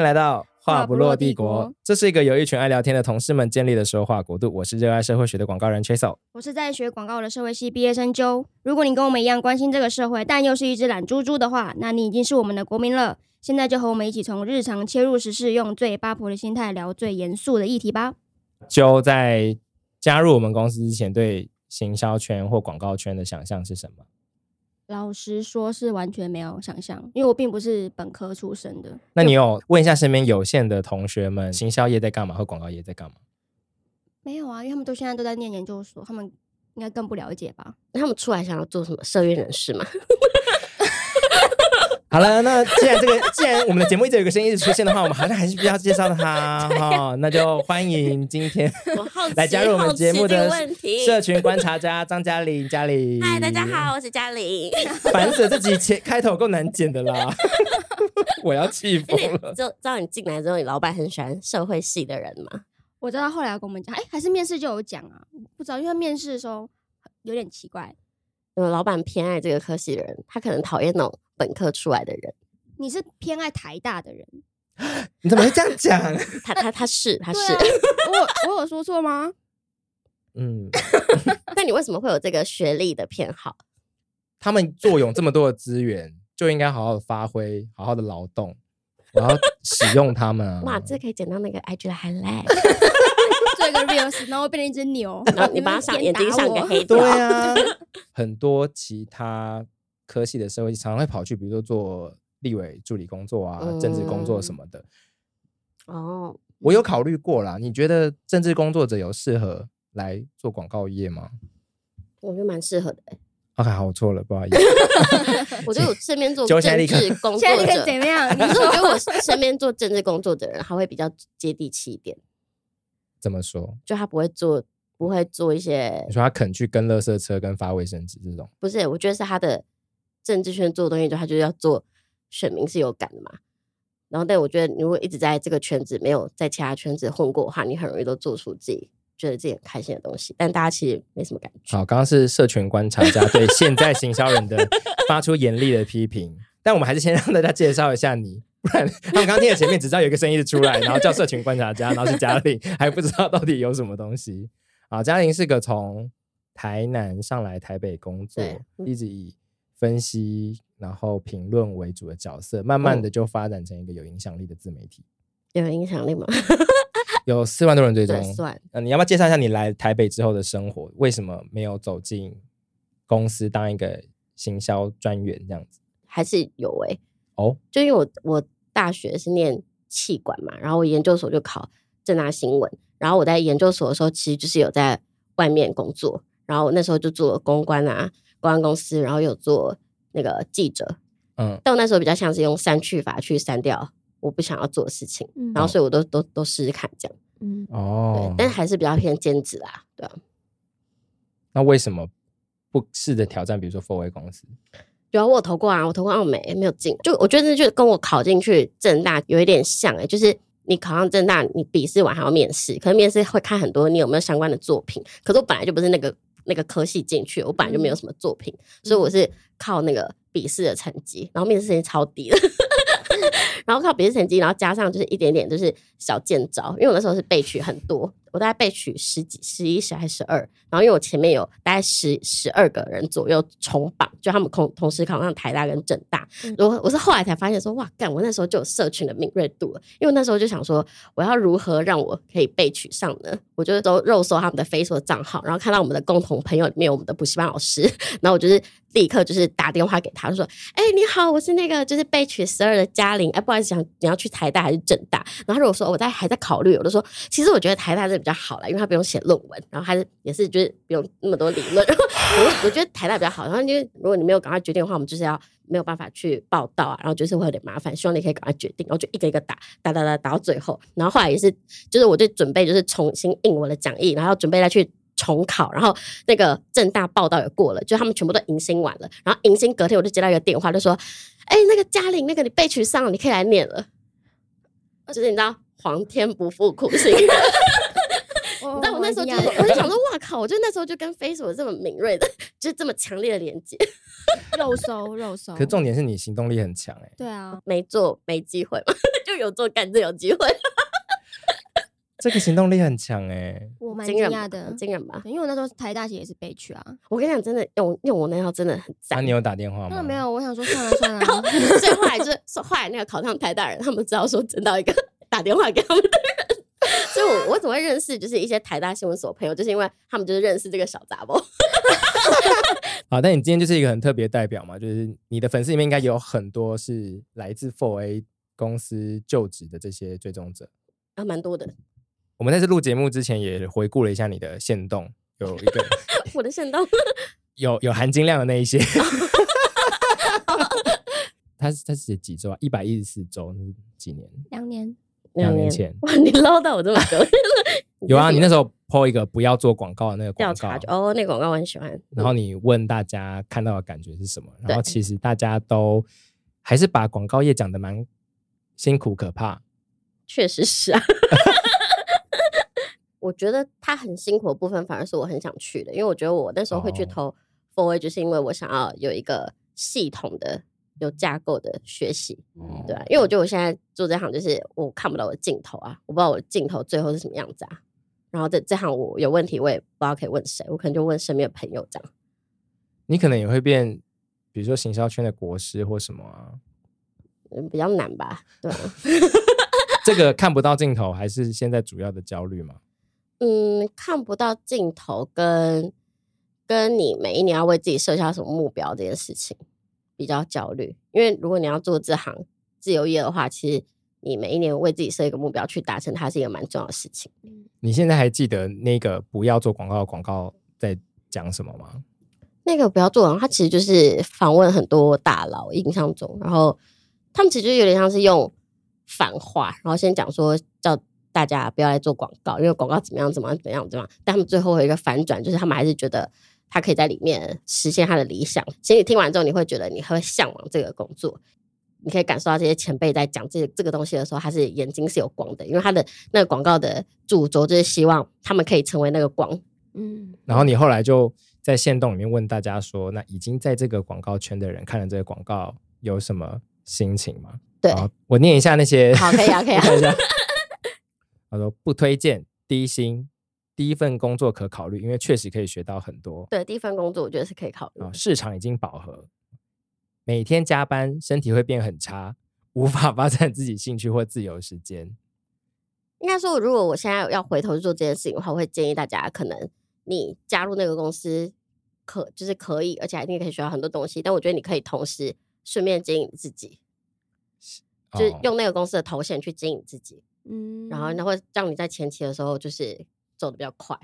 歡迎來到話不落帝國，這是一個由一群愛聊天的同事們建立的說話國度。我是熱愛社會學的廣告人 Chasel，我是在學廣告的社會系畢業生 Jo。如果你跟我們一樣關心這個社會，但又是一隻懶豬豬的話，那你已經是我們的國民了。現在就和我們一起從日常切入時事，用最八婆的心態聊最嚴肅的議題吧。Jo 在加入我們公司之前，對行銷圈或廣告圈的想象是什麼？老實說，是完全沒有想象，因為我並不是本科出身的。那你有問一下身邊有限的同學們，行銷業在幹嘛，和廣告業在幹嘛？沒有啊，因為他們都現在都在念研究所，他們應該更不了解吧？他們出來想要做什麼社運人士嗎？ 好了，那既然這個， 既然我們的節目一直有個聲音一直出現的話，我們好像還是不要介紹他哈。那就歡迎今天 來加入我們節目的社群觀察家張嘉玲。嘉 玲，嗨，Hi, 大家好，我是嘉玲。反正這集開頭夠難剪的啦！ 我要氣瘋了。就知道，你知道，你進來之後，你老闆很喜歡社會系的人嗎？我知道，後來要跟我們講，哎、欸，還是面試就有講啊，不知道，因為面試的時候有點奇怪，有老闆偏愛這個科系的人，他可能討厭那種。本科出來的人，你是偏愛台大的人？ 你怎麼會這樣講？ 他他他是他是，他是啊、我我有說錯嗎？嗯，那你為什麼會有這個學歷的偏好？ 他們坐擁這麼多的資源，就應該好好的發揮，好好的勞動，然後使用他們哇， 這可以剪到那個 I G highlight， 做一個 reels，然後變成一隻牛，然後你把它眼睛上個黑，對啊， 很多其他。科系的時候，常常會跑去，比如說做立委助理工作啊、嗯，政治工作什麼的。哦，我有考慮過啦，你覺得政治工作者有適合來做廣告業嗎？我覺得蠻適合的、欸。OK，好，我錯了，不好意思。 我覺得我身邊做政治工作者 怎麼樣？你說， 我覺得我身邊做政治工作的人，他會比較接地氣一點。怎麼說？就他不會做，不會做一些。你說他肯去跟垃圾車、跟發衛生紙這種？不是，我覺得是他的。政治圈做的東西，就他就是要做選民是有感的嘛。然後，但我覺得，如果一直在這個圈子沒有在其他圈子混過的話，你很容易都做出自己覺得自己很開心的東西，但大家其實沒什麼感覺。好，剛剛是社群觀察家 對現在行銷人的發出嚴厲的批評， 但我們還是先讓大家介紹一下你，不然、 啊、我剛剛聽的前面只知道有一個聲音是出來，然後叫社群觀察家，然後是嘉玲，還不知道到底有什麼東西。啊，嘉玲是個從台南上來台北工作，嗯、一直以。分析，然後評論為主的角色，慢慢的就發展成一個有影響力的自媒體。哦、有影響力嗎？ 有四萬多人追蹤算。那你要不要介紹一下你來台北之後的生活？為什麼沒有走進公司當一個行銷專員這樣子？還是有哎、欸、哦，就因為我我大學是念企管嘛，然後我研究所就考政大新聞，然後我在研究所的時候其實就是有在外面工作，然後我那時候就做了公關啊。公關公司，然後有做那個記者，嗯，但我那時候比較像是用刪去法去刪掉我不想要做的事情，嗯、然後所以我都、哦、都都試試看這樣，嗯哦，但是還是比較偏兼職啦，對、啊。那為什麼不試着挑戰，比如說 4A 公司？有、啊，我有投過啊，我投過澳美，沒有進。就我覺得，就跟我考進去政大有一點像誒、欸，就是你考上政大，你筆試完還要面試，可能面試會看很多你有沒有相關的作品。可是我本來就不是那個。那個科系進去，我本來就沒有什麼作品，嗯、所以我是靠那個筆試的成績，然後面試成績超低的， 然後靠筆試成績，然後加上就是一點點就是小見招，因為我那時候是背曲很多。我大概被取十幾、十一、十還是十二，然後因為我前面有大概十十二個人左右重榜，就他們同同時考上台大跟政大。我、嗯、我是後來才發現說，哇，幹！我那時候就有社群的敏銳度了，因為那時候就想說，我要如何讓我可以被取上呢？我就都肉搜他們的 Facebook 的賬號，然後看到我們的共同朋友裡面有我們的補習班老師，然後我就是立刻就是打電話給他，就說：“哎、欸，你好，我是那個就是被取十二的嘉玲，哎、欸，不管是想你要去台大還是政大，然後如果說我在還在考慮，我就說，其實我覺得台大這。”比較好了，因為他不用寫論文，然後還是也是就是不用那麼多理論。 我我覺得台大比較好，然後因為如果你沒有趕快決定的話，我們就是要沒有辦法去報道啊，然後就是會有點麻煩。希望你可以趕快決定，然後就一個一個打，打打打打到最後。然後後來也是就是我就準備就是重新印我的講義，然後準備再去重考。然後那個政大報道也過了，就他們全部都迎新完了。然後迎新隔天我就接到一個電話，就說：“哎、欸，那個嘉玲那個你被取上了，你可以來念了。”就是你知道，皇天不負苦心人。 我那時候就是、我就想說， 哇靠！我就那時候就跟 Facebook 這麼敏銳的，就這麼強烈的連接， 肉搜肉搜，可重點是你行動力很強誒、欸。對啊，沒做沒機會 就，就有做干這有機會。 這個行動力很強哎、欸，我蠻驚訝的，驚人吧，吧？因為我那時候台大姐也是悲劇啊。我跟你講，真的，用用我那套真的很讚。那、啊、你有打電話嗎？沒有，我想說算了算了，算了 然。所以後來就是 後來那個考上台大人，他們知道說徵到一個打電話給他們的人。 所以，我怎麼會認識就是一些台大新聞所朋友，就是因為他們就是認識這個小雜包。 好，但你今天就是一個很特別代表嘛，就是你的粉絲裡面應該有很多是來自 Four A 公司就職的這些追蹤者啊，蠻多的。我們在這錄節目之前也回顧了一下你的限動，有一個我的限動有有含金量的那一些。他他是幾週啊？一百一十四週？是幾年？兩年。兩年前，嗯嗯、哇你嘮叨我這麼久 有啊，你那時候拋一個不要做廣告的那個廣告，哦，那個廣告我很喜歡、嗯。然後你問大家看到的感覺是什麼？嗯、然後其實大家都還是把廣告業講得蠻辛苦可怕。確實是啊， 我覺得他很辛苦的部分，反而是我很想去的，因為我覺得我那時候會去投 BOY，哦、就是因為我想要有一個系統的。有架構的學習，對啊、嗯，因為我覺得我現在做這行，就是我看不到我的鏡頭啊，我不知道我的鏡頭最後是什麼樣子啊。然後這，這行我有問題，我也不知道可以問誰，我可能就問身邊的朋友這樣。你可能也會變，比如說行銷圈的國師或什麼啊？比較難吧，對、啊。 這個看不到鏡頭，還是現在主要的焦慮嗎？嗯，看不到鏡頭跟跟你每一年要為自己設下什麼目標這件事情，比較焦慮，因為如果你要做這行自由業的話，其實你每一年為自己設一個目標去達成，它是一個蠻重要的事情。你現在還記得那個不要做廣告的廣告在講什麼嗎？那個不要做廣告，它其實就是訪問很多大佬，印象中，然後他們其實就有點像是用反話，然後先講說叫大家不要來做廣告，因為廣告怎麼樣怎麼樣怎麼樣怎麼樣，但他們最後有一個反轉就是他們還是覺得。他可以在裡面實現他的理想。其實聽完之後，你會覺得你會嚮往這個工作。你可以感受到這些前輩在講這這個東西的時候，他是眼睛是有光的，因為他的那個廣告的主軸就是希望他們可以成為那個光。嗯。然後你後來就在限動裡面問大家說：“那已經在這個廣告圈的人看了這個廣告，有什麼心情嗎？”對我念一下那些。好，可以啊，可以啊。他說、啊 問一下笑：“不推薦低薪。”第一份工作可考慮，因為確實可以學到很多。對，第一份工作我覺得是可以考慮。哦。市場已經飽和，每天加班，身體會變很差，無法發展自己興趣或自由時間。應該說，如果我現在要回頭去做這件事情的話，我會建議大家，可能你加入那個公司可，可就是可以，而且一定可以學到很多東西。但我覺得你可以同時順便經營自己，哦，就是，用那個公司的頭銜去經營自己。嗯，然後那會讓你在前期的時候就是。走的比較快，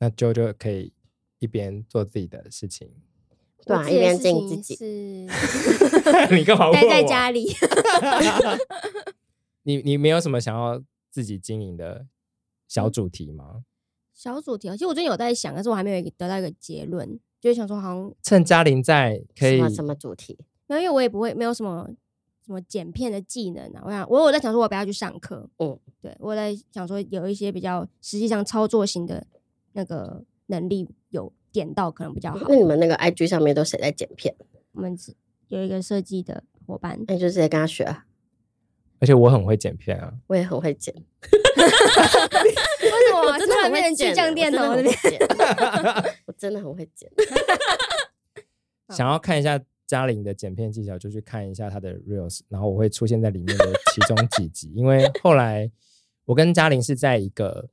那 Jo 就可以一邊做自己的事情，對，一邊經營自己是。 你幹嘛問我？待在家裡。 你你沒有什麼想要自己經營的小主題嗎？小主題、喔，其實我最近有在想，但是我還沒有得到一個結論，就是想說，好像趁嘉玲在，可以什麼主題？沒有，因為我也不會，沒有什麼。什麼剪片的技能啊？我想，我有在想說，我不要去上課。嗯，對，我在想說，有一些比較實際上操作型的那個能力，有點到可能比較好。那你們那個 IG 上面都誰在剪片？我們有一個設計的夥伴，那、欸、就直接跟他學啊。而且我很會剪片啊！我也很會剪。 為什麼我真的很會剪？巨匠電腦那邊剪，我真的很會剪。想要看一下。嘉玲的剪片技巧，就去看一下她的 reels，然後我會出現在裡面的其中幾集。 因為後來我跟嘉玲是在一個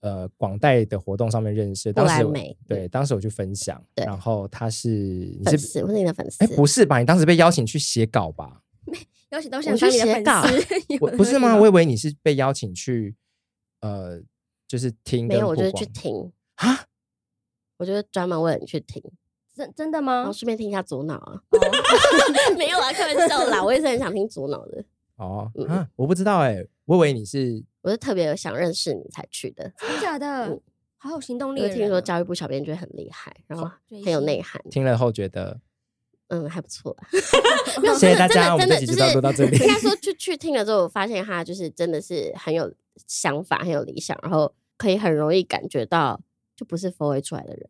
呃廣代的活動上面認識，當時我對、嗯，當時我去分享，然後他是你是，我是你的粉絲、欸，不是吧？你當時被邀請去寫稿吧？沒邀請到，我是你的粉絲 我去寫稿，的不是嗎？我以為你是被邀請去呃，就是聽，沒有，我就是去聽啊，我就專門為你去聽。真的嗎？順便聽一下左腦啊、oh,。 沒有啊，開玩笑啦！我也是很想聽左腦的。哦、oh, 嗯，嗯，我不知道哎、欸，我以為你是，我是特別想認識你才去的。真的假的、嗯？好有行動力！就是、聽說教育部小編覺得很厲害，然後很有內涵。聽了後覺得，嗯，還不錯、啊 謝謝大家，真的就是都到這裡。 說去去聽了之後，我發現他就是真的是很有想法，很有理想，然後可以很容易感覺到，就不是氛圍出來的人。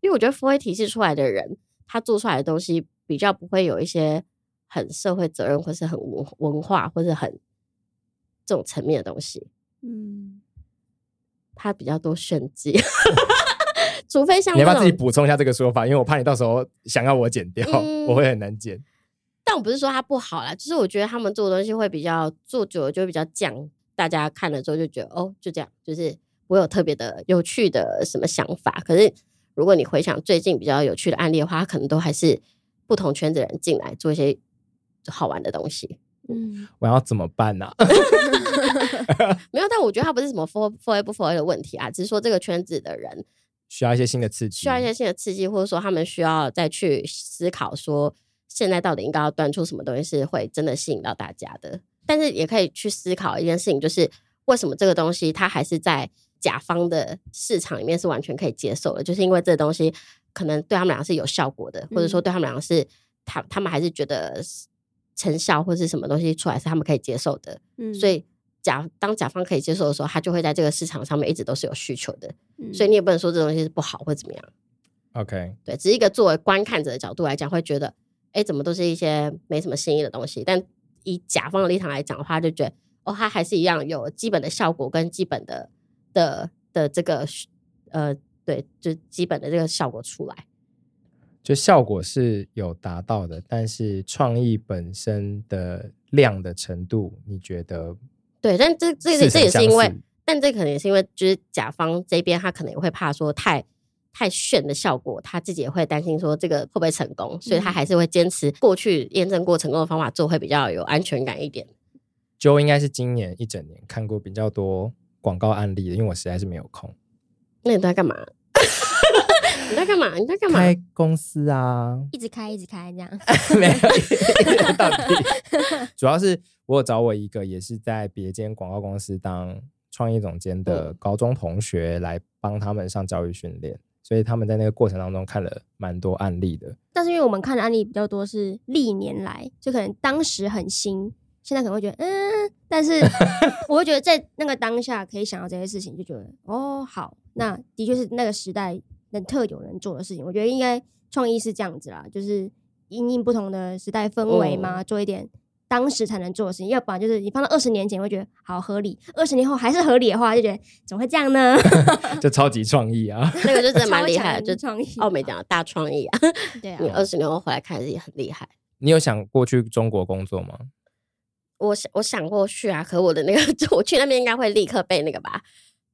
因為我覺得佛系體系出來的人，他做出來的東西比較不會有一些很社會責任，或是很文文化，或是很這種層面的東西。嗯，他比較多炫技， 除非像你要不要自己補充一下這個說法？因為我怕你到時候想要我剪掉、嗯，我會很難剪。但我不是說他不好啦，就是我覺得他們做的東西會比較做久了就會比較僵，大家看了之後就覺得哦，就這樣，就是我有特別的有趣的什麼想法，可是。如果你回想最近比較有趣的案例的話，可能都還是不同圈子的人進來做一些好玩的東西。嗯，我要怎麼辦呢、啊？ 沒有，但我覺得它不是什麼 4A 不 4A 的問題啊，只是說這個圈子的人需要一些新的刺激，需要一些新的刺激，或者說他們需要再去思考說現在到底應該要端出什麼東西是會真的吸引到大家的。但是也可以去思考一件事情，就是為什麼這個東西它還是在。甲方的市場裡面是完全可以接受的，就是因為這東西可能對他們兩個是有效果的、嗯，或者說對他們兩個是他他們還是覺得成效或是什麼東西出來是他們可以接受的。嗯，所以甲當甲方可以接受的時候，他就會在這個市場上面一直都是有需求的。嗯，所以你也不能說這東西是不好或怎麼樣。OK，對，只是一個作為觀看者的角度來講，會覺得哎、欸，怎麼都是一些沒什麼新意的東西。但以甲方的立場來講的話，就覺得哦，他還是一樣有基本的效果跟基本的。的的這個呃，對，就基本的這個效果出來，就效果是有達到的，但是創意本身的量的程度，你覺得？對，但這這這也是因為，但這可能也是因為，就是甲方這邊他可能也會怕說太，太太炫的效果，他自己也會擔心說這個會不會成功，嗯，所以他還是會堅持過去驗證過成功的方法做，會比較有安全感一點。就應該是今年一整年看過比較多廣告案例的，因為我實在是沒有空。那你都在幹嘛？ 嘛？你在幹嘛？你在幹嘛？開公司啊，一直開，一直開這樣。 沒有， 主要是我有找我一個也是在別間廣告公司當創意總監的高中同學來幫他們上教育訓練、嗯，所以他們在那個過程當中看了蠻多案例的。但是因為我們看的案例比較多，是歷年來，就可能當時很新。現在可能會覺得嗯，但是我會覺得在那個當下可以想到這些事情，就覺得 哦，好，，那的確是那個時代能特有人做的事情。我覺得應該創意是這樣子啦，就是因應不同的時代氛圍嘛，嗯，做一點當時才能做的事情。要不然就是你放到二十年前會覺得好合理，二十年後還是合理的話，就覺得怎麼會這樣呢？ 就超級創意啊！ 那個就是真的蠻厲害，就創意哦，沒講大創意啊。意啊 對啊，你二十年後回來看也是也很厲害。你有想過去中國工作嗎？我想，我想過去啊，可我的那個，我去那邊應該會立刻被那個吧，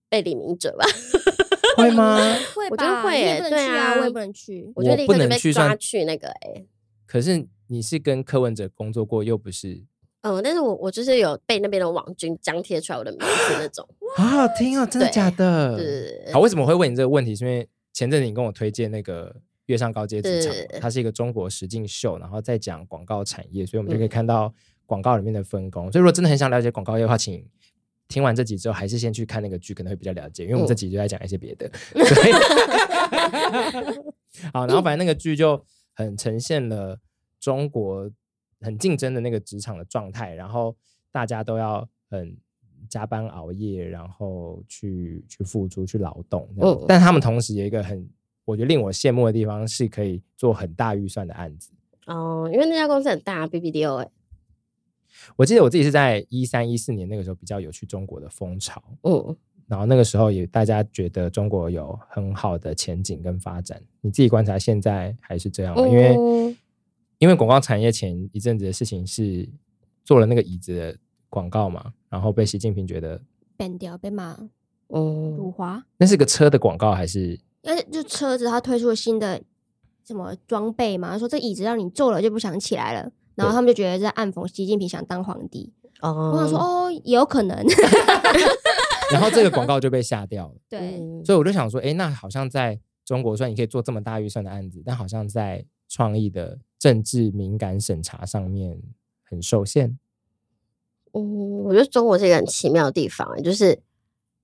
被李明哲吧？ 會嗎？ 會吧，我覺得會、欸啊。對啊，我也不能去。我覺得你不能被抓去那個哎、欸嗯。可是你是跟柯文哲工作過，又不是。嗯，但是我我就是有被那邊的網軍張貼出來我的名字那種。好好聽哦、喔，真的假的？好，為什麼會問你這個問題？是因為前陣子你跟我推薦那個《躍上高階職場》，它是一個中國實境秀，然後在講廣告產業，所以我們就可以看到、嗯。廣告裡面的分工，所以如果真的很想了解廣告業的話，請聽完這集之後，還是先去看那個劇，可能會比較了解。因為我們這集就在講一些別的。哦。 好，然後反正那個劇就很呈現了中國很競爭的那個職場的狀態，然後大家都要很加班熬夜，然後去去付出去勞動。哦。但他們同時有一個很，我覺得令我羨慕的地方，是可以做很大預算的案子。哦，因為那家公司很大，BBDO 欸。我記得我自己是在一三一四年，那個時候比較有去中國的風潮，嗯、哦，然後那個時候也大家覺得中國有很好的前景跟發展。你自己觀察現在還是這樣嗎？因為、嗯、因為廣告產業前一陣子的事情是做了那個椅子的廣告嘛，然後被習近平覺得 ban 掉，被罵哦，辱華、嗯。那是個車的廣告還是？哎，就車子他推出了新的什麼裝備嘛？說這椅子讓你坐了就不想起來了。然後他們就覺得在暗諷習近平想當皇帝。哦、嗯，我想說哦，也有可能 。然後這個廣告就被下掉了。對、嗯，所以我就想說，哎、欸，那好像在中國，算你可以做這麼大預算的案子，但好像在創意的政治敏感審查上面很受限。嗯，我覺得中國是一個很奇妙的地方，就是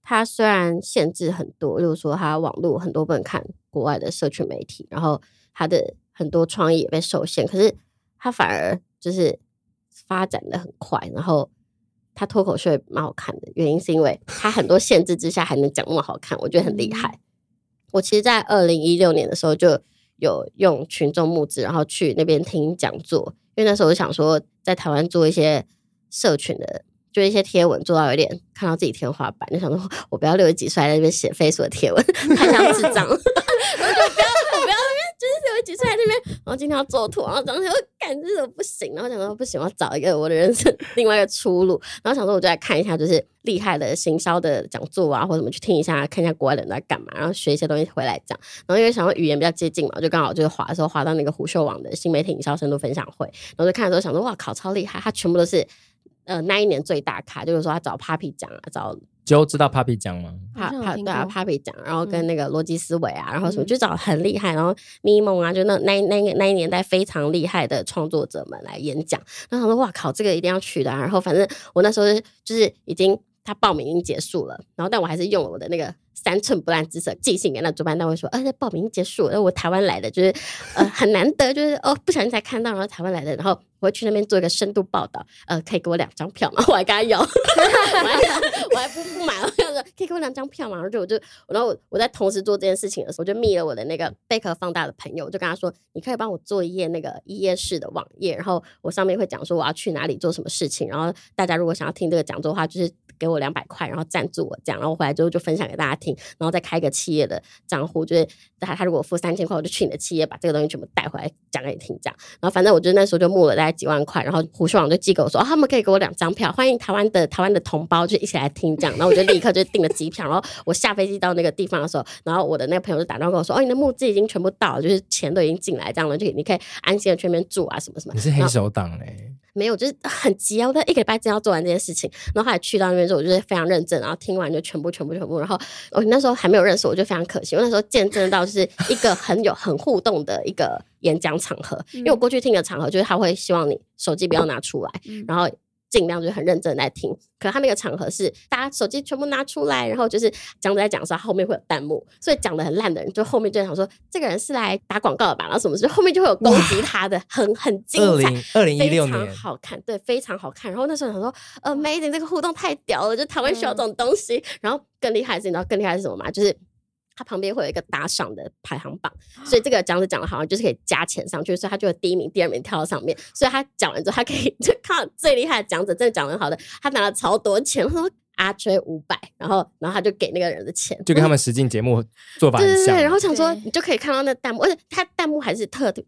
它雖然限制很多，就是說它網絡很多不能看國外的社群媒體，然後它的很多創意也被受限，可是。他反而就是發展的很快，然後他脫口秀蠻好看的，原因是因為他很多限制之下還能講那麼好看，我覺得很厲害。我其實，在二零一六年的時候就有用群眾募資，然後去那邊聽講座，因為那時候我想說，在台灣做一些社群的，就一些貼文做到有一點看到自己天花板，就想說我不要六十幾歲還在那邊寫 Facebook 的貼文，太 像智障， 我就不要我不要。 幾 次在那邊，然後今天要做圖，然後講起來我幹這種不行，然後講說不行，我要找一個我的人生 另外一個出路，然後想說我就來看一下，就是厲害的行銷的講座啊，或者怎麼去聽一下，看一下國外的人在幹嘛，然後學一些東西回來講，然後因為想說語言比較接近嘛，就剛好就是划的時候划到那個虎嗅網的新媒體營銷深度分享會，然後就看的時候想說哇靠，超厲害，他全部都是呃那一年最大咖，就是說他找 Papi 醬啊，找。就知道 Papi 醬嗎？啊、p a 對啊，Papi 醬，然後跟那個羅輯思維啊、嗯，然後什麼就找很厲害，然後咪蒙啊，就那那那個那一年代非常厲害的創作者們來演講。然後他說：“哇靠，這個一定要去的啊。”然後反正我那時候就是已經。他報名已經結束了，然後但我還是用了我的那個三寸不爛之舌，即興給那主辦單位說：“呃，報名已經結束了，我台灣來的，就是呃很難得，就是哦，不小心才看到，然後台灣來的，然後我會去那邊做一個深度報道，呃，可以給我兩張票嗎？我還跟他要， 我還不不買了，可以給我兩張票嗎？然後就我就，我然後我我在同時做這件事情的時候，我就密了我的那個貝殼放大的朋友，我就跟他說：你可以幫我做一頁那個一頁式的網頁，然後我上面會講說我要去哪裡做什麼事情，然後大家如果想要聽這個講座的話，就是。”給我兩百塊，然後贊助我這樣，然後我回來之後就分享給大家聽，然後再開個企業的賬戶，就是他他如果付三千塊，我就去你的企業把這個東西全部帶回來講給你聽這樣。然後反正我就那時候就募了大概幾萬塊，然後胡秀昂就寄給我說，哦，他們可以給我兩張票，歡迎台灣的台灣的同胞就一起來聽這樣。然後我就立刻就訂了機票， 然後我下飛機到那個地方的時候，然後我的那個朋友就打電話跟我說，哦，你的募資已經全部到了，就是錢都已經進來這樣了，就你可以安心的去那邊住啊什麼什麼。你是黑手黨嘞？ 沒有，就是很急啊！我在一個禮拜真要做完這件事情，然後還去到那邊後，我就是非常認真。然後聽完就全部、全部、全部。然後我那時候還沒有認識，我覺得非常可惜。我那時候見證到就是一個很有 很互動的一個演講場合，因為我過去聽的場合就是他會希望你手機不要拿出來，嗯、然後。儘量就很認真地在聽，可能他那個場合是大家手機全部拿出來，然後就是講在講的時候他後面會有彈幕，所以講的很爛的人就後面就想說這個人是來打廣告的吧，然後什麼事，後面就會有攻擊他的，很很精彩，2016，非常好看，對，非常好看。然後那時候想說，Amazing 這個互動太屌了，就台灣需要這種東西。嗯，然後更厲害的是，你知道更厲害是什麼嗎？就是。他旁邊會有一個打賞的排行榜，啊、所以這個講者講的好，就是可以加錢上去，所以他就會第一名、第二名跳到上面。所以他講完之後，他可以就看最厲害的講者，真的講的很好的，他拿了超多錢。他說。阿吹五百，然後然後他就給那個人的錢，就跟他們實境節目做法 對對對，然後想說你就可以看到那彈幕，而且他彈幕還是特設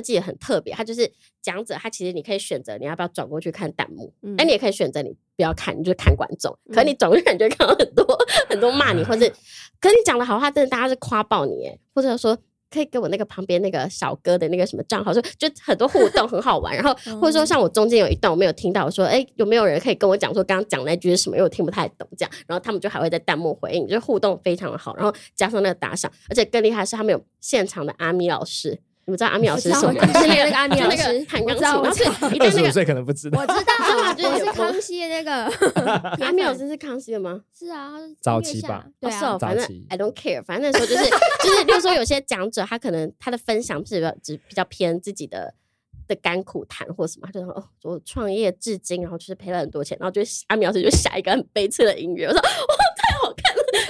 計也很特別，他就是講者，他其實你可以選擇你要不要轉過去看彈幕，哎、嗯，你也可以選擇你不要看，你就看觀眾，嗯、可是你總是感覺看到很多很多罵你，或者 可是你講的好話，真的大家是誇爆你耶，或者說，說。可以給我那個旁邊那個小哥的那個什麼賬號說就很多互動很好玩， 然後或者說像我中間有一段我沒有聽到，我說哎、欸、有沒有人可以跟我講說剛剛講的那句是什麼，因為我又聽不太懂這樣，然後他們就還會在彈幕回應，就互動非常的好，然後加上那個打賞，而且更厲害是他們有現場的阿咪老師。你們知道阿米老師是什麼？是那個阿米老師，我知道、彈鋼琴、那個， 我是我一五十歲，歲可能不知道。我知道，就、 啊、是康熙的那個 阿米老師是康熙的嗎？ 是啊，早期吧，不是、啊，oh, so, 反正 I don't care，反正那時候就是就是，比 如說有些講者他可能 他的分享是比較，比較偏自己的的甘苦談或什麼，他就說哦，我創業至今，然後就是賠了很多錢，然後就是阿米老師就下一個很悲催的音樂， 我說。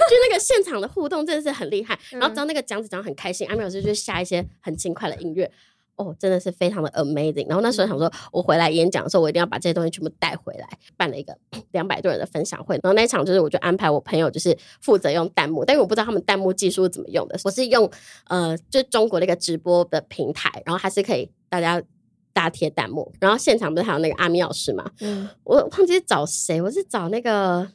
就那個現場的互動真的是很厲害，嗯、然後當那個講者講得很開心、嗯，阿米老師就下一些很輕快的音樂，哦，真的是非常的 amazing。然後那時候想說，我回來演講的時候，我一定要把這些東西全部帶回來。辦了一個兩百多人的分享會，然後那場就是我就安排我朋友就是負責用彈幕，但是我不知道他們彈幕技術是怎麼用的，我是用呃，就中國那個直播的平台，然後還是可以大家大家貼彈幕。然後現場不是還有那個阿米老師嘛？嗯，我忘記找誰，我是找那個。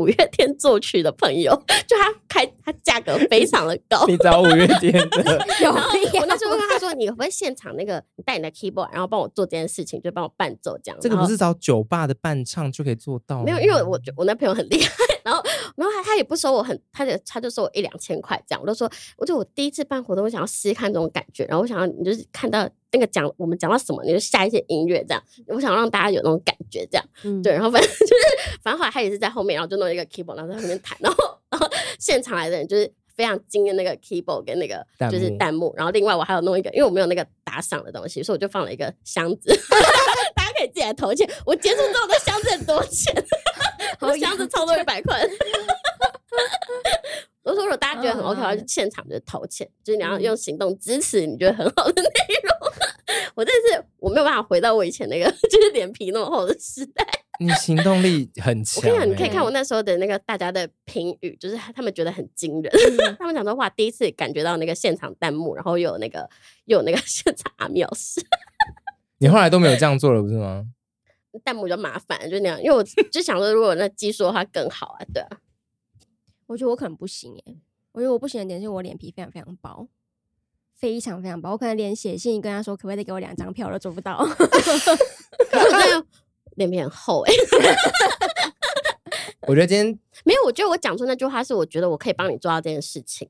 五月天作曲的朋友，就他開，他價格非常的高。 你找五月天的 有有有，我那時候跟他說：“你會不會現場那個，你帶你的 keyboard，然後幫我做這件事情，就幫我伴奏這樣。”這個不是找酒吧的伴唱就可以做到？沒有，因為我我那朋友很厲害。 然後他他也不收我很，他就他就收我一兩千塊這樣。我就說，我就我第一次辦活動，我想要試試看這種感覺。然後我想要你就是看到那個講我們講到什麼，你就下一些音樂這樣。我想讓大家有那種感覺這樣、嗯。對，然後反正就是，反正後來他也是在後面，然後就弄一個 keyboard 然後在後面彈，然後然後現場來的人就是非常驚艷那個 keyboard 跟那個就是彈幕。然後另外我還有弄一個，因為我沒有那個打賞的東西，所以我就放了一個箱子， 大家可以自己來投錢。我結束之後我的箱子很多錢。 我箱子超多一百塊。 我說，如果大家覺得很 OK 的話，就現場就掏錢，哦、就是你要用行動支持你覺得很好的內容。 我這次我沒有辦法回到我以前那個就是臉皮那麼厚的時代。你行動力很強、欸。我跟你講，你可以看我那時候的那個大家的評語，就是他們覺得很驚人。 他們講說，哇，第一次感覺到那個現場彈幕，然後又有那個又有那個現場阿繆斯。 你後來都沒有這樣做了，不是嗎？彈幕就麻煩，就那樣，因為我就想說，如果那技術的話更好啊，對啊。 我覺得我可能不行耶，我覺得我不行的點就是我臉皮非常非常薄，非常非常薄，我可能連寫信跟他說可不可以再給我兩張票我都做不到。臉 皮很厚哎。 我覺得今天沒有，我覺得我講出那句話是我覺得我可以幫你做到這件事情。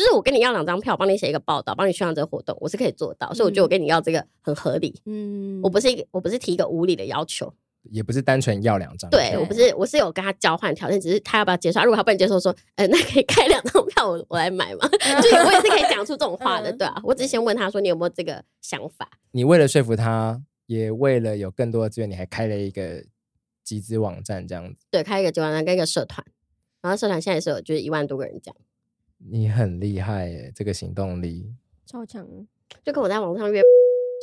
就是我跟你要兩張票，幫你寫一個報道，幫你宣傳這個活動，我是可以做到，所以我覺得我跟你要這個很合理。嗯，我不是一個我不是提一個無理的要求，也不是單純要兩張。對，我不是，我是有跟他交換條件，只是他要不要接受？如果他不能接受，說呃、欸，那可以開兩張票，我我來買嘛， 就我也是可以講出這種話的，對啊。我只是先問他說你有沒有這個想法？你為了說服他，也為了有更多的資源，你還開了一個集資網站，這樣子？對，開一個集資網站跟一個社團，然後社團現在是有就是一萬多個人這樣。你很厲害耶，這個行動力超強，就跟我在網上約，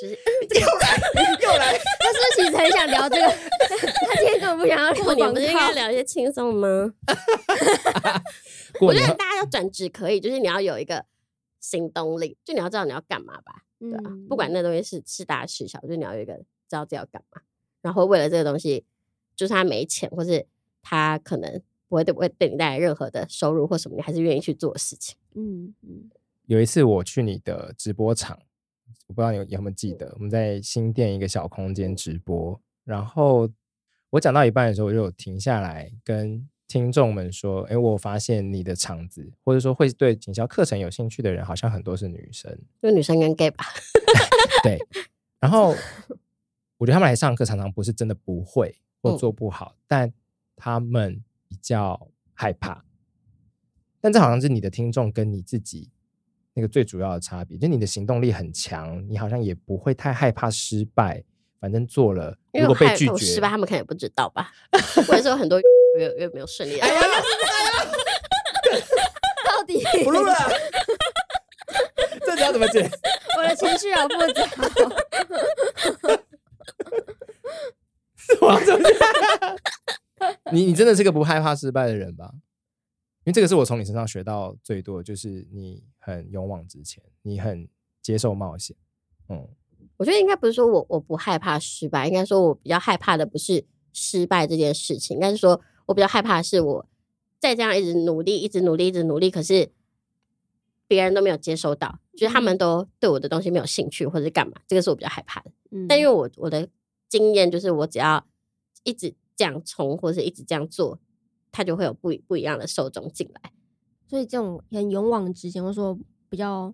就是、欸這個、又來又來，又來，他是不是其實很想聊這個？ 他今天根本不想要聊，你們就應該聊一些輕鬆嗎？ 我覺得大家要轉職可以，就是你要有一個行動力，就你要知道你要幹嘛吧，對啊、嗯，不管那東西是是大是小，就是你要有一個知道自己要幹嘛，然後為了這個東西，就是他沒錢或是他可能。不會對，不會對你帶來任何的收入或什麼，你還是願意去做事情。嗯，有一次我去你的直播場，我不知道你有沒有記得，我們在新店一個小空間直播，然後我講到一半的時候，我就有停下來跟聽眾們說：“哎、欸，我發現你的場子，或者說會對行銷課程有興趣的人，好像很多是女生。”就女生跟 gay 吧 對。然後我覺得他們來上課常常不是真的不會或做不好，嗯、但他們。比較害怕，但這好像是你的聽眾跟你自己那個最主要的差別。就是、你的行動力很強，你好像也不會太害怕失敗。反正做了，如果被拒絕，因為我害我失敗，他們可能也不知道吧。我還是有很多越越沒有順利， 哎呀，呀，失敗、哎、到底不錄了，這要怎麼剪？我的情緒很不好， 死亡專家。 你你真的是個不害怕失敗的人吧？因為這個是我從你身上學到最多，就是你很勇往直前，你很接受冒險。嗯，我覺得應該不是說我我不害怕失敗，應該說我比較害怕的不是失敗這件事情，應該是說我比較害怕的是我再這樣一直努力，一直努力，一直努力，努力，可是別人都沒有接收到，就是他們都對我的東西沒有興趣，或者幹嘛，這個是我比較害怕的。嗯，但因為我我的經驗就是，我只要一直這樣衝或是一直這樣做，他就會有不不一樣的受眾進來。所以，這種很勇往直前，或者說比較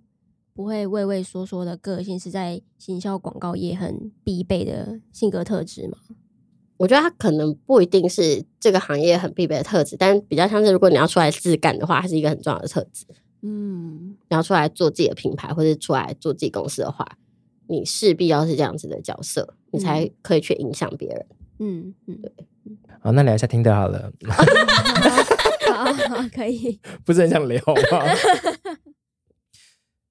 不會畏畏縮縮的個性，是在行銷廣告業很必備的性格特質嗎？我覺得他可能不一定是這個行業很必備的特質，但比較像是如果你要出來自幹的話，還是一個很重要的特質。嗯，你要出來做自己的品牌，或者出來做自己公司的話，你勢必要是這樣子的角色，你才可以去影響別人。嗯嗯，對。好、 哦，那聊一下聽得好了。好，可以。不是很想聊嗎？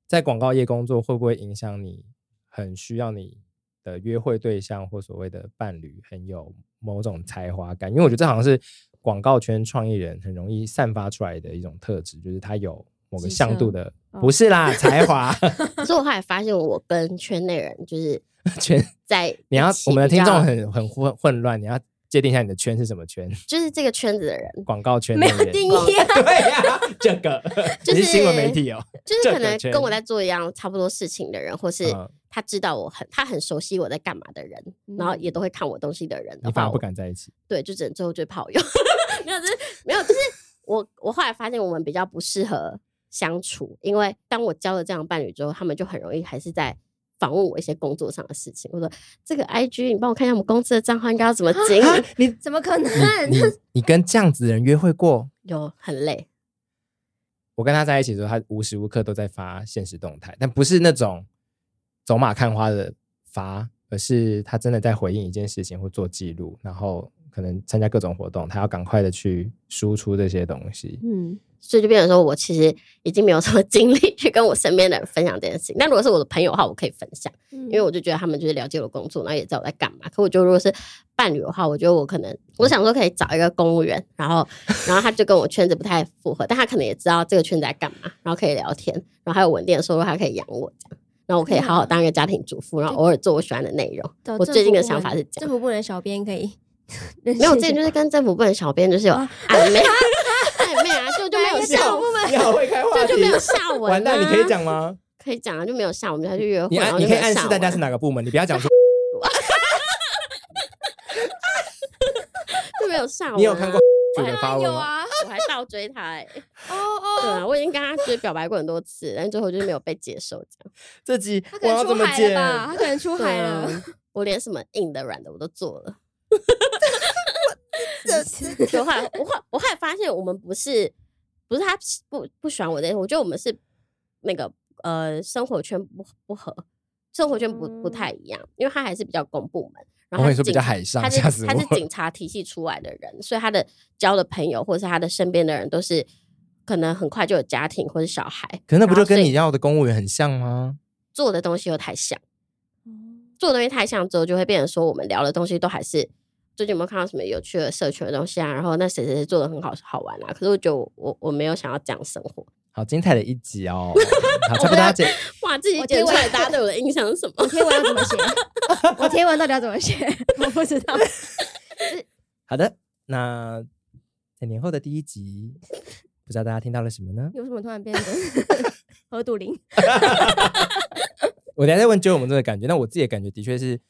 在廣告業工作會不會影響你？很需要你的約會對象或所謂的伴侶很有某種才華感，因為我覺得這好像是廣告圈創意人很容易散發出來的一種特質，就是他有某個向度的。不是啦才華，才華。哦、 可是我後來發現，我跟圈內人就是圈在 你要我們的聽眾很很混混亂，你要。界定一下你的圈是什麼圈？就是這個圈子的人，廣告圈沒有定義。啊。 對這、啊、個 就是， 是新聞媒體哦，就是可能跟我在做一樣差不多事情的人，這個、或是他知道我很他很熟悉我在幹嘛的人、嗯，然後也都會看我東西的人的，你反而不敢在一起。對，就只能最後追炮友， 沒有就是 沒有就是我我後來發現我們比較不適合相處，因為當我交了這樣伴侶之後，他們就很容易還是在。訪問我一些工作上的事情，我說，這個 IG 你幫我看一下我們公司的帳號應該要怎麼整。蛤？你怎麼可能？你你，你跟這樣子的人約會過？有很累。我跟他在一起的時候，他無時無刻都在發現實動態，但不是那種走馬看花的發，而是他真的在回應一件事情或做記錄，然後可能參加各種活動，他要趕快的去輸出這些東西。嗯。所以就變成說，我其實已經沒有什麼精力去跟我身邊的人分享這件事情。那如果是我的朋友的話，我可以分享，因為我就覺得他們就是了解我工作，然後也知道我在幹嘛。可我就如果是伴侶的話，我覺得我可能，我想說可以找一個公務員，然後，然後他就跟我圈子不太符合，但他可能也知道這個圈子在幹嘛，然後可以聊天，然後還有穩定的收入，他可以養我，這樣，然後我可以好好當一個家庭主婦，然後偶爾做我喜歡的內容。我最近的想法是，政府部的小編可以，沒有，最近就是跟政府部的小編就是有曖昧，曖昧啊。就沒有下文嗎？你好會開話題 這就沒有下文、啊。完，蛋，你可以講嗎？可以講啊，就沒有下文，他就約會你就。你可以暗示大家是哪個部門，你不要講出。就沒有下文、啊 有下文啊。你有看過主角發文嗎？啊有啊， 我還倒追他哎、欸。哦、oh, 哦、oh. 啊，我已經跟他就是表白過很多次，但最後就是沒有被接受這樣。這集我要怎麼剪啊？他可能出海了。 啊、我連什麼硬的、軟的我都做了。哈我這次說話，我後我我後來發現我們不是。不是他不不喜歡我這，我覺得我們是那個呃，生活圈不不合，生活圈不不太一樣。因為他還是比較公部門，然後也是我跟你說比較海上，他是他是警察體系出來的人，所以他的交的朋友或者是他的身邊的人都是可能很快就有家庭或者小孩。可那不就跟你要的公務員很像嗎？做的東西又太像，做的東西太像之後，就會變成說我們聊的東西都還是。最近有沒有看到什麼有趣的社群的東西啊？然後那誰誰誰做的很好，好玩啊！可是我就我我沒有想要這樣生活。好精彩的一集哦！好，差不多要剪。哇，這一集剪完，大家對我的印象是什麼？我貼文要怎麼寫？我貼文到底要怎麼寫？ 我不知道。 好的，那在年後的第一集，不知道大家聽到了什麼呢？有什麼突然變得何篤篤林？ 我等一下再問 Jo，我們這個感覺，那我自己的感覺的確是。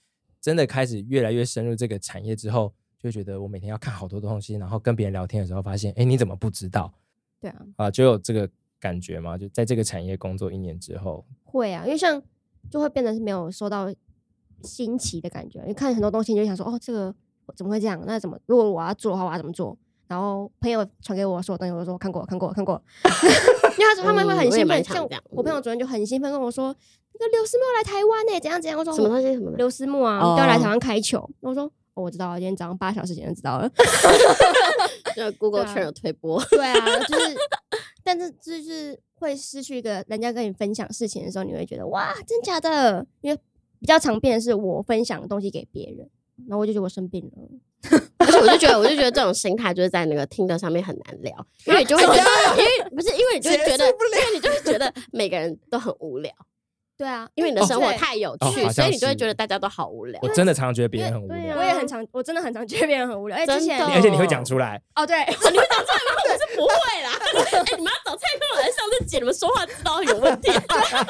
真的開始越來越深入這個產業之後，就覺得我每天要看好多東西，然後跟別人聊天的時候發現，哎、欸，你怎麼不知道？對啊，啊，就有這個感覺嘛，就在這個產業工作一年之後。會啊，因為像就會變得是沒有收到新奇的感覺，你看很多東西，你就想說，哦，這個怎麼會這樣？那怎麼，如果我要做的話，我要怎麼做？然後朋友傳給我說，等於我說看過看過看過， 因為他說他們會很興奮、嗯，像我，我，我朋友昨天就很興奮跟我說，那個劉思慕來台灣呢、欸，怎樣怎樣？我說什麼東西？什麼劉思慕啊，哦、要來台灣開球？那我說、哦、我知道了，今天早上八小時前就知道了。 就在 Google t 有推播，對啊，就是，但是就是會失去一個人家跟你分享事情的時候，你會覺得哇，真假的？因為比較常見的是我分享的東西給別人。然後我就覺得我生病了，而且我就覺得，我就覺得這種心態就是在那個聽的上面很難聊，因為你就會覺得，因為不是，因為你就會覺得，因為你就會覺得，你就覺得，你就覺得每個人都很無聊。對啊，因為你的生活太有趣，哦哦，所以你就會覺得大家都好無聊。我真的常常覺得別人很無聊，我也很常，啊，我真的很常覺得別人很無聊。而，欸、且而且你會講出來哦，對， 喔、你會講出來嗎？我是不會啦。哎、欸，你們要找蔡康永還是 Chasel 姐？你們說話知道有問題，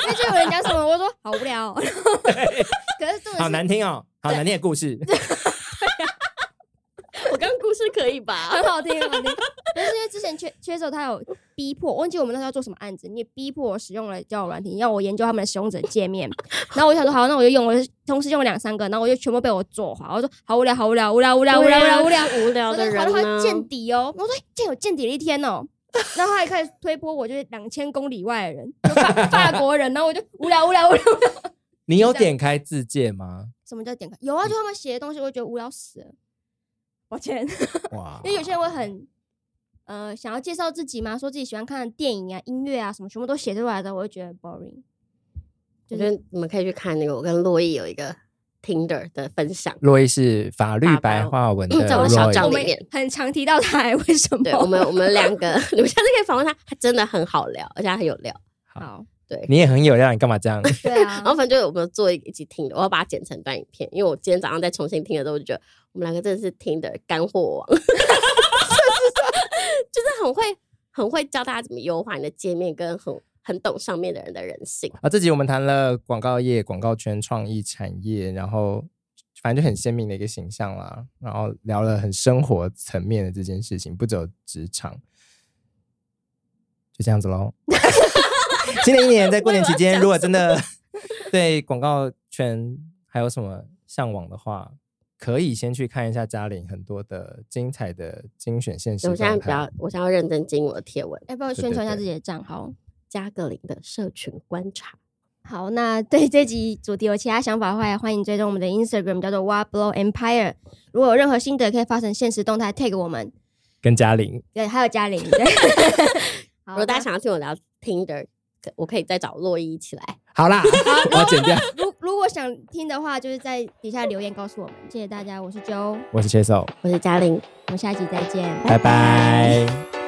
因為就有人家說我說好無聊，可是 好難聽哦、喔，好難聽的故事。我剛剛故事可以吧？ 很好聽，很好聽。但是因為之前缺缺手，他有逼迫，我忘記我們那時候要做什麼案子。你也逼迫我使用了交友軟體，要我研究他們的使用者介面。 然後我想說，好，那我就用，我就同時用了兩三個，然後我就全部被我做垮。我說好無聊，好無聊，無聊，無聊，無聊，無聊，無聊，無聊。無聊的人、啊。然後他見底哦、喔，我說見、欸、有見底了一天哦、喔。然後他還開始推波，我就是兩千公里外的人，法法 國人。然後我就無聊，無聊，無聊。你有點開自介嗎？ 什麼叫點開？有啊，就他們寫的東西，我就覺得無聊死了。抱歉， 因為有些人會很呃想要介紹自己嘛，說自己喜歡看的電影啊、音樂啊什麼，全部都寫出來的，我會覺得 boring，就是。我覺得你們可以去看那個，我跟洛伊有一個 Tinder 的分享。洛伊是法律白話文，嗯，在我的小照裡面很常提到他，為什麼？對，我們，我們兩個 你們下次可以訪問他，他真的很好聊，而且很有料。好。好對你也很有料，你幹嘛這樣？對啊， 然後反正就我們做一起聽的，我要把它剪成短影片。因為我今天早上再重新聽的時候，我就覺得我們兩個真的是聽的乾貨王， 就是很會很會教大家怎麼優化你的界面，跟很很懂上面的人的人性啊。這集我們談了廣告業、廣告圈、創意產業，然後反正就很鮮明的一個形象啦。然後聊了很生活層面的這件事情，不走職場，就這樣子嘍。 新 的一年，在過年期間，如果真的對廣告圈還有什麼向往的話，可以先去看一下嘉玲很多的精，的精彩的精選限時動態。我現在比較，我想要認真經營我的貼文，要不要宣傳一下自己的賬號？加個零的社群觀察。好，那對這集主題有其他想法的話，也歡迎追蹤我們的 Instagram，叫做 What Blow Empire。如果有任何心得，可以發成限時動態 take 我們，跟嘉玲。對，還有嘉玲。 如果大家想要聽我聊 Tinder。我可以再找洛伊一起來。好啦 好，我要剪掉。如如果想聽的話，就是在底下留言告訴我們。謝謝大家，我是 Jo，我是 Chasel，我是嘉玲，我們下集再見，拜拜。拜拜。